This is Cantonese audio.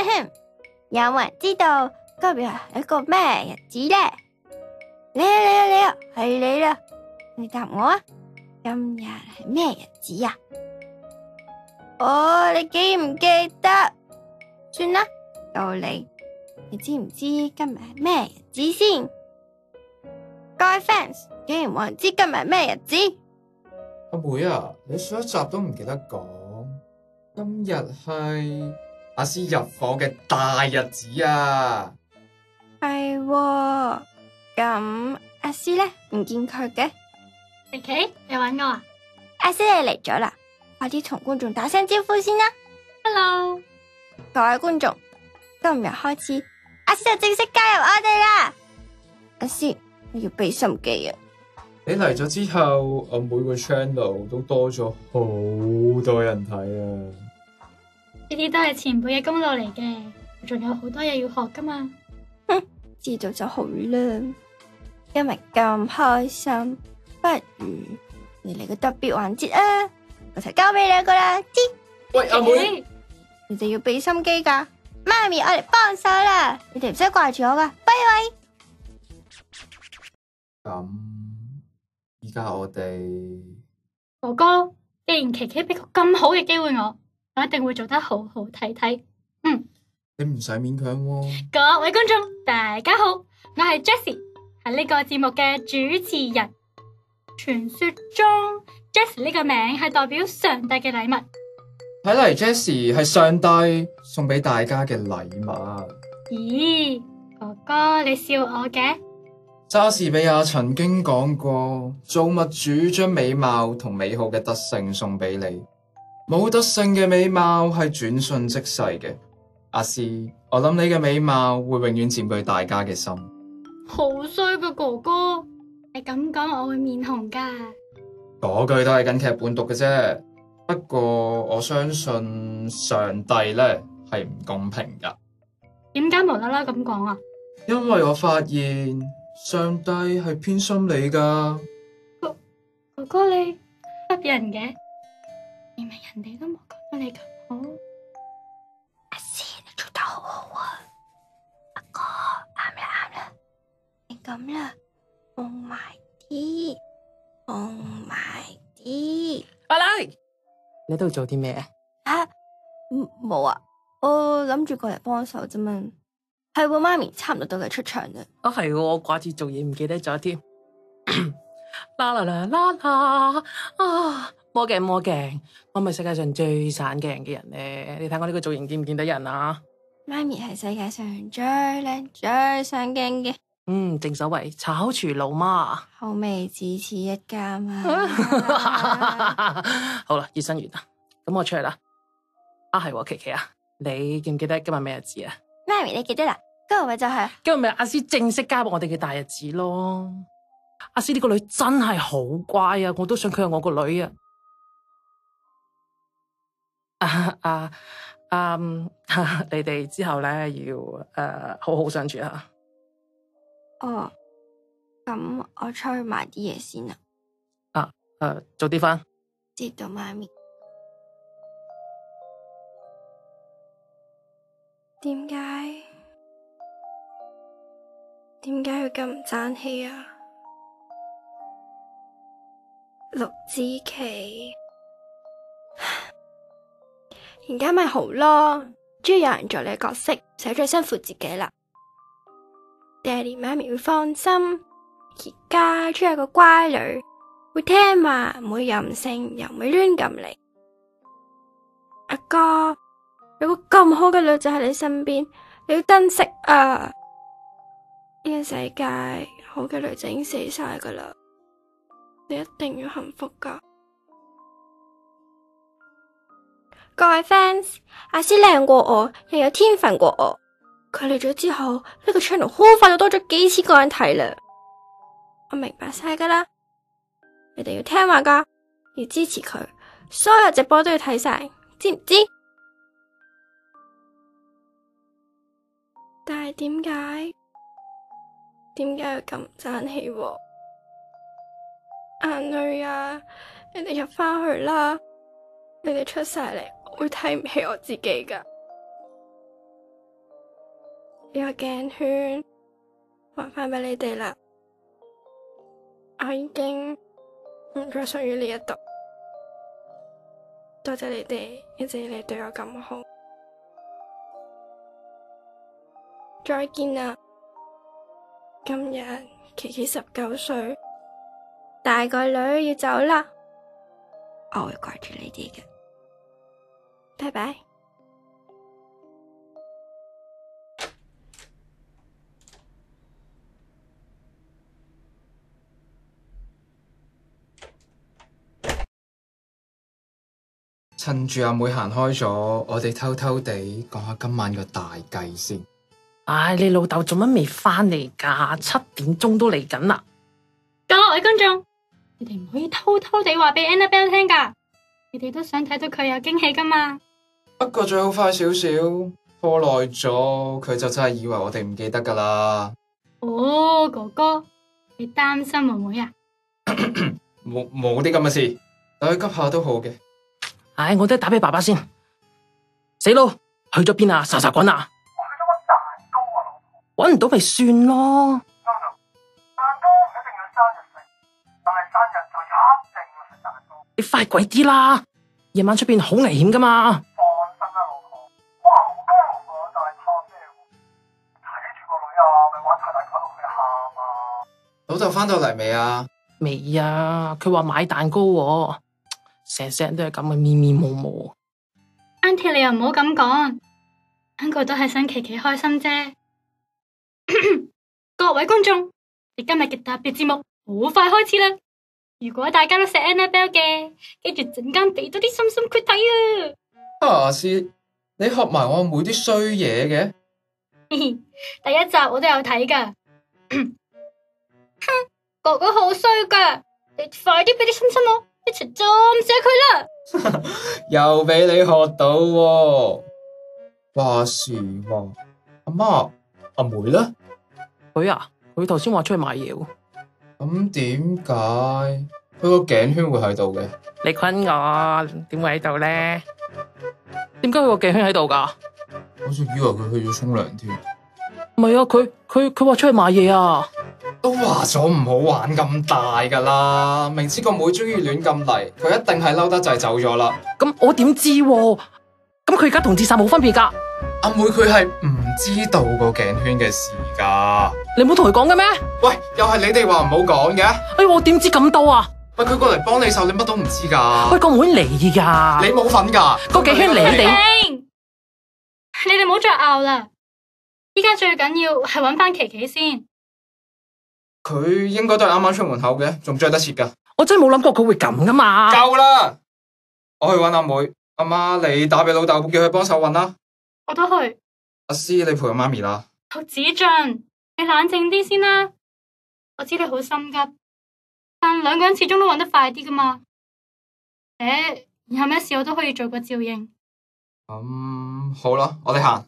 有冇人知道今日係一個咩日子咧？你啊你啊你啊，係你啦！你，你，你，你答我啊，今日係咩日子呀，啊？哦，你記唔記得？算啦，到你，你知唔知今日係咩日子先？各位 fans，竟然冇人知今日係咩日子？阿妹啊，你上一集都唔記得講，今日係。阿詩入伙嘅大日子啊！係，咁阿詩呢，唔見佢嘅。琪琪你揾我啊！阿詩你嚟咗啦，快啲同觀眾打聲招呼先啦！Hello，各位觀眾，今日開始阿詩就正式加入我哋啦！阿詩你要俾心機啊！你嚟咗之後，我每個 channel 都多咗好多人睇啊！呢啲都係前輩嘅功勞嚟嘅，我仲有好多嘢要學噶嘛。哼、嗯，知道就好啦。因為咁開心，不如嚟嚟個特別環節啊！我就交俾你兩個啦。知喂，阿妹，你哋要俾心機噶。媽咪，我嚟幫手啦，你哋唔使掛住我噶。拜拜。咁、嗯，而家我哋哥哥，既然琪琪俾個咁好嘅機會我。一定會做得好好睇睇，嗯，你唔使勉強喎、哦。各位觀眾大家好，我係 Jessie，係呢個節目嘅主持人。傳說中 Jessie 呢個名係代表上帝嘅禮物。睇嚟 Jessie 係上帝送俾大家嘅禮物。咦，哥哥你笑我嘅？莎士比亞曾經講過，造物主將美貌同美好嘅特性送俾你。冇德性嘅美貌係轉瞬即逝嘅，阿詩，我諗你嘅美貌會永遠佔據大家嘅心。好衰嘅哥哥，你咁講我會面紅噶。嗰句都係根據劇本讀嘅啫，不過我相信上帝咧係唔公平噶。點解無啦啦咁講啊？因為我發現上帝係偏心你噶。哥哥哥，你呃人嘅？明明人哋都冇覺得你咁好，阿詩，你做得好好啊！阿哥啱啦啱啦，你咁啦，Oh my dear，Oh my dear，阿麗你喺度做啲咩啊？冇啊，啊，我諗住過嚟幫手啫嘛，係喎，媽咪差唔多到你出場啦。啊，係喎，我掛住做嘢唔記得咗添。啦啦啦啦啦啊！魔鏡魔鏡，我咪世界上最上鏡嘅人咧？你睇我呢個造型見唔見得人啊？媽咪係世界上最靚最上鏡嘅。嗯，正所謂炒廚老媽，好味只此一家嘛。 好啦，熱身完啦，咁我出嚟啦。啊，係、啊、琪琪啊，你記唔記得今日咩日子啊？媽咪，你記得啦，Go, 今日咪就係今日咪阿詩正式加入我哋嘅大日子咯。阿詩，呢個女真係好乖啊，我都想佢係我個女啊。啊啊嗯、啊啊，你哋之後咧要誒、啊、好好相處下哦，咁我出去買啲嘢先啦、啊。啊誒，早啲翻。知道媽咪。點解？點解要咁唔爭氣啊？陸子琦。而家咪好咯，終於有人做你角色，使咗辛苦自己啦。爹哋媽咪會放心，而家做一個乖女，會聽話，唔會任性，又唔會亂咁嚟。阿哥，有個咁好嘅女仔喺你身邊，你要珍惜啊！呢個世界好嘅女仔已經死晒噶啦，你一定要幸福噶。各位 fans，阿詩靚過我，又有天分過我。佢嚟咗之後，呢個 channel 好快就多咗幾千個人睇啦。我明白晒噶啦，你哋要聽話噶，要支持佢，所有直播都要睇晒，知唔知？但係點解？點解要咁爭氣？眼淚啊！你哋入翻去啦，你哋出晒嚟。會睇唔起我自己噶，呢個鏡圈還翻俾你哋啦。我已經唔再屬於呢一度，多謝你哋，一直以嚟對我咁好，再見啦。今日琪琪十九歲，大個女要走啦，我會掛住你哋嘅。拜拜！Bye bye. 趁住阿妹行開咗，我哋偷偷地講下今晚嘅大計先。唉、哎，你老豆做乜未返嚟㗎？七點鐘都嚟緊啦！各位觀眾，你哋唔可以偷偷地話俾 Annabelle 聽㗎，你哋都想睇到佢有驚喜㗎嘛？不過最好快少少，拖耐咗佢就真係以為我哋唔記得噶啦。哦，哥哥，你擔心妹妹啊？冇冇啲咁嘅事，等佢急下都好嘅。唉、哎，我都係打俾爸爸先。死佬，去咗邊啊？傻傻滾啊！我去咗個蛋糕啊，老婆。搵唔到咪算咯。安娜，蛋糕唔一定要生日食，但係生日就一定要食蛋糕。你快鬼啲啦！夜晚出邊好危險噶嘛～老豆翻到嚟未啊？未啊，佢話買蛋糕喎，成成人都係咁啊，迷迷糊糊，Auntie 你又唔好咁講，uncle 都係想琪琪開心啫咳咳。各位觀眾，你今日嘅特別節目好快開始啦！如果大家都食 Annabelle 嘅，跟住陣間俾多啲心心血睇啊！阿詩、啊，你學埋我每啲衰嘢嘅？嘻嘻，第一集我都有睇噶。哼， 哥哥好衰㗎，你快啲俾啲親親我一，一齊做死佢啦。 又俾你學到、哦，話時話，阿媽阿妹咧，佢啊，佢頭先話出去買嘢，咁點解佢個頸圈會喺度嘅？你困我，點會喺度咧？點解佢個頸圈喺度噶？我仲以為佢去咗沖涼添。唔係 啊，佢佢佢話出去買嘢啊，都話咗唔好玩咁大噶啦，明知個妹中意亂咁嚟，佢一定係嬲得滯走咗啦。咁、啊、我點知？咁佢而家同自殺冇分別噶。阿妹佢係唔知道、啊啊、知道個頸圈嘅事噶。你冇同佢講嘅咩？喂，又係你哋話唔好講嘅。哎，我點知咁多啊？喂，佢過嚟幫你手，你乜都唔知噶。喂，妹個妹嚟噶，妹你冇份噶，個頸圈你哋， 你哋唔好再拗啦。依家最緊要係揾翻琪琪先，佢應該都係啱啱出門口嘅，仲追得切噶。我真係冇諗過佢會咁噶嘛！夠啦，我去揾阿妹，妹，阿媽你打畀老豆，叫佢幫手揾啦。我都去。阿詩，你陪阿媽咪啦。子俊，你冷靜啲先啦。我知你好心急，但兩個人始終都揾得快啲噶嘛。誒、欸，以後咩事我都可以做個照應。咁、嗯、好啦，我哋行。